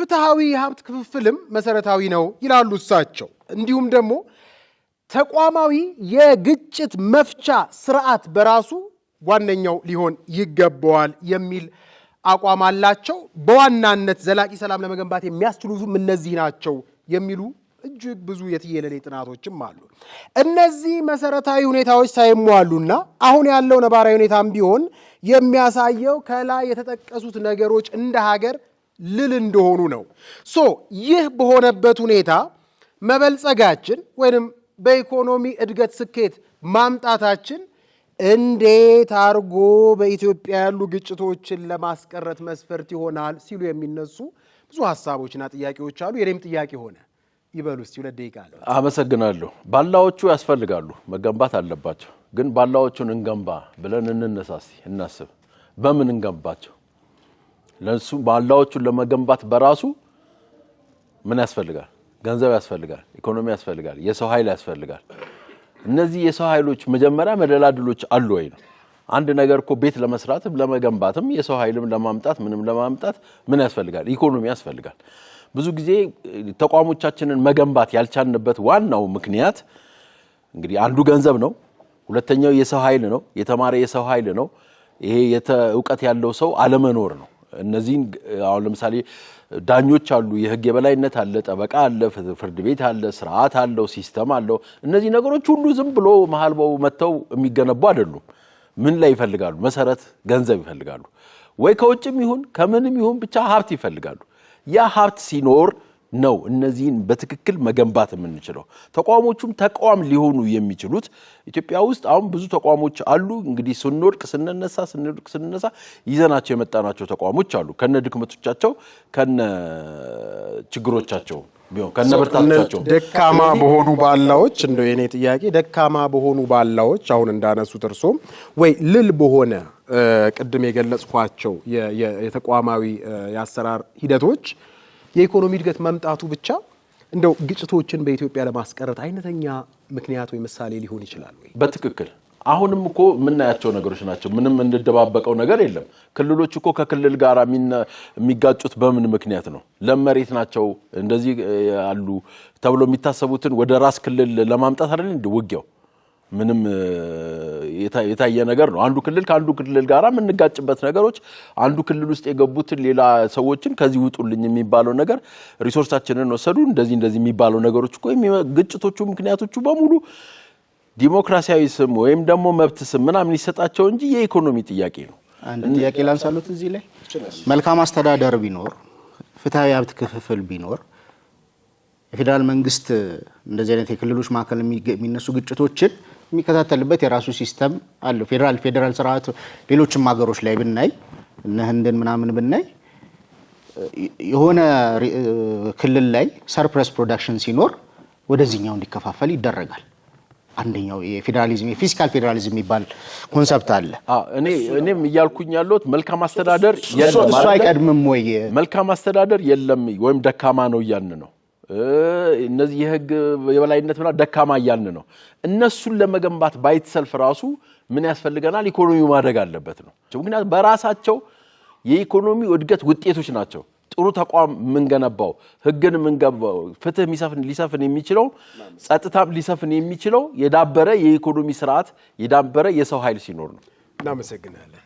ፍትሐዊ የሀብት ክፍፍልም መሰረታዊ ነው ይላሉ እሳቸው። እንዲሁም ደግሞ ተቋማዊ የግጭት መፍቻ ስርዓት በራሱ ዋነኛው ሊሆን ይገባዋል የሚል አቋም አላቸው። በዋናነት ዘላቂ ሰላም ለመገንባት የሚያስችሉትም እነዚህ ናቸው የሚሉ እጅግ ብዙ የትየለሌ ጥናቶችም አሉ። እነዚህ መሰረታዊ ሁኔታዎች ሳይሟሉና አሁን ያለው ነባራዊ ሁኔታም ቢሆን የሚያሳየው ከላይ የተጠቀሱት ነገሮች እንደ ሀገር ልል እንደሆኑ ነው። ሶ ይህ በሆነበት ሁኔታ መበልጸጋችን ወይም በኢኮኖሚ እድገት ስኬት ማምጣታችን እንዴት አርጎ በኢትዮጵያ ያሉ ግጭቶችን ለማስቀረት መስፈርት ይሆናል ሲሉ የሚነሱ ብዙ ሀሳቦችና ጥያቄዎች አሉ። የኔም ጥያቄ ሆነ ይበሉ እስቲ ሁለት ደቂቃ። አመሰግናለሁ። ባላዎቹ ያስፈልጋሉ፣ መገንባት አለባቸው። ግን ባላዎቹን እንገንባ ብለን እንነሳሲ፣ እናስብ። በምን እንገንባቸው? ለሱ ባላዎቹን ለመገንባት በራሱ ምን ያስፈልጋል? ገንዘብ ያስፈልጋል፣ ኢኮኖሚ ያስፈልጋል፣ የሰው ኃይል ያስፈልጋል። እነዚህ የሰው ኃይሎች መጀመሪያ መደላድሎች አሉ ወይ ነው። አንድ ነገር እኮ ቤት ለመስራትም ለመገንባትም የሰው ኃይልም ለማምጣት ምንም ለማምጣት ምን ያስፈልጋል? ኢኮኖሚ ያስፈልጋል። ብዙ ጊዜ ተቋሞቻችንን መገንባት ያልቻልንበት ዋናው ምክንያት እንግዲህ አንዱ ገንዘብ ነው። ሁለተኛው የሰው ኃይል ነው። የተማረ የሰው ኃይል ነው። ይሄ እውቀት ያለው ሰው አለመኖር ነው። እነዚህን አሁን ለምሳሌ ዳኞች አሉ፣ የህግ የበላይነት አለ፣ ጠበቃ አለ፣ ፍርድ ቤት አለ፣ ስርዓት አለው፣ ሲስተም አለው። እነዚህ ነገሮች ሁሉ ዝም ብሎ መሀል በው መጥተው የሚገነቡ አይደሉም። ምን ላይ ይፈልጋሉ? መሰረት ገንዘብ ይፈልጋሉ፣ ወይ ከውጭም ይሁን ከምንም ይሁን ብቻ ሀብት ይፈልጋሉ። ያ ሀብት ሲኖር ነው እነዚህን በትክክል መገንባት የምንችለው። ተቋሞቹም ተቋም ሊሆኑ የሚችሉት ኢትዮጵያ ውስጥ አሁን ብዙ ተቋሞች አሉ። እንግዲህ ስንወድቅ ስንነሳ፣ ስንወድቅ ስንነሳ ይዘናቸው የመጣናቸው ተቋሞች አሉ ከነ ድክመቶቻቸው ከነ ችግሮቻቸው ቢሆን ከነ ብርታቶቻቸው ደካማ በሆኑ ባላዎች እንደ የኔ ጥያቄ ደካማ በሆኑ ባላዎች አሁን እንዳነሱት እርሶም ወይ ልል በሆነ ቅድም የገለጽኳቸው የተቋማዊ የአሰራር ሂደቶች የኢኮኖሚ እድገት መምጣቱ ብቻ እንደው ግጭቶችን በኢትዮጵያ ለማስቀረት አይነተኛ ምክንያት ወይ ምሳሌ ሊሆን ይችላል ወይ? በትክክል አሁንም እኮ የምናያቸው ነገሮች ናቸው። ምንም እንደደባበቀው ነገር የለም። ክልሎች እኮ ከክልል ጋር የሚጋጩት በምን ምክንያት ነው? ለም መሬት ናቸው እንደዚህ ያሉ ተብሎ የሚታሰቡትን ወደ ራስ ክልል ለማምጣት አይደል እንደ ውጊያው ምንም የታየ ነገር ነው። አንዱ ክልል ከአንዱ ክልል ጋር የምንጋጭበት ነገሮች፣ አንዱ ክልል ውስጥ የገቡትን ሌላ ሰዎችን ከዚህ ውጡልኝ የሚባለው ነገር፣ ሪሶርሳችንን ወሰዱ፣ እንደዚህ እንደዚህ የሚባለው ነገሮች እኮ ግጭቶቹ ምክንያቶቹ በሙሉ ዲሞክራሲያዊ ስም ወይም ደግሞ መብት ስም ምናምን ይሰጣቸው እንጂ የኢኮኖሚ ጥያቄ ነው። አንድ ጥያቄ ላንሳሉት እዚህ ላይ መልካም አስተዳደር ቢኖር ፍትሐዊ ሀብት ክፍፍል ቢኖር የፌዴራል መንግስት እንደዚህ አይነት የክልሎች መካከል የሚነሱ ግጭቶችን የሚከታተልበት የራሱ ሲስተም አለው። ፌዴራል ፌዴራል ስርዓት ሌሎችም ሀገሮች ላይ ብናይ እነ ህንድን ምናምን ብናይ የሆነ ክልል ላይ ሰርፕረስ ፕሮዳክሽን ሲኖር ወደዚህኛው እንዲከፋፈል ይደረጋል። አንደኛው የፌዴራሊዝም የፊስካል ፌዴራሊዝም የሚባል ኮንሰፕት አለ። እኔ እኔም እያልኩኝ ያለሁት መልካም አስተዳደር የለም፣ እሱ አይቀድምም ወይ መልካም አስተዳደር የለም ወይም ደካማ ነው እያን ነው እነዚህ የህግ የበላይነት ምና ደካማ እያልን ነው። እነሱን ለመገንባት ባይትሰልፍ ራሱ ምን ያስፈልገናል? ኢኮኖሚው ማድረግ አለበት ነው። ምክንያቱም በራሳቸው የኢኮኖሚ እድገት ውጤቶች ናቸው። ጥሩ ተቋም የምንገነባው ህግን የምንገባው ፍትህ ሊሰፍን የሚችለው ጸጥታም ሊሰፍን የሚችለው የዳበረ የኢኮኖሚ ስርዓት የዳበረ የሰው ኃይል ሲኖር ነው። እናመሰግናለን።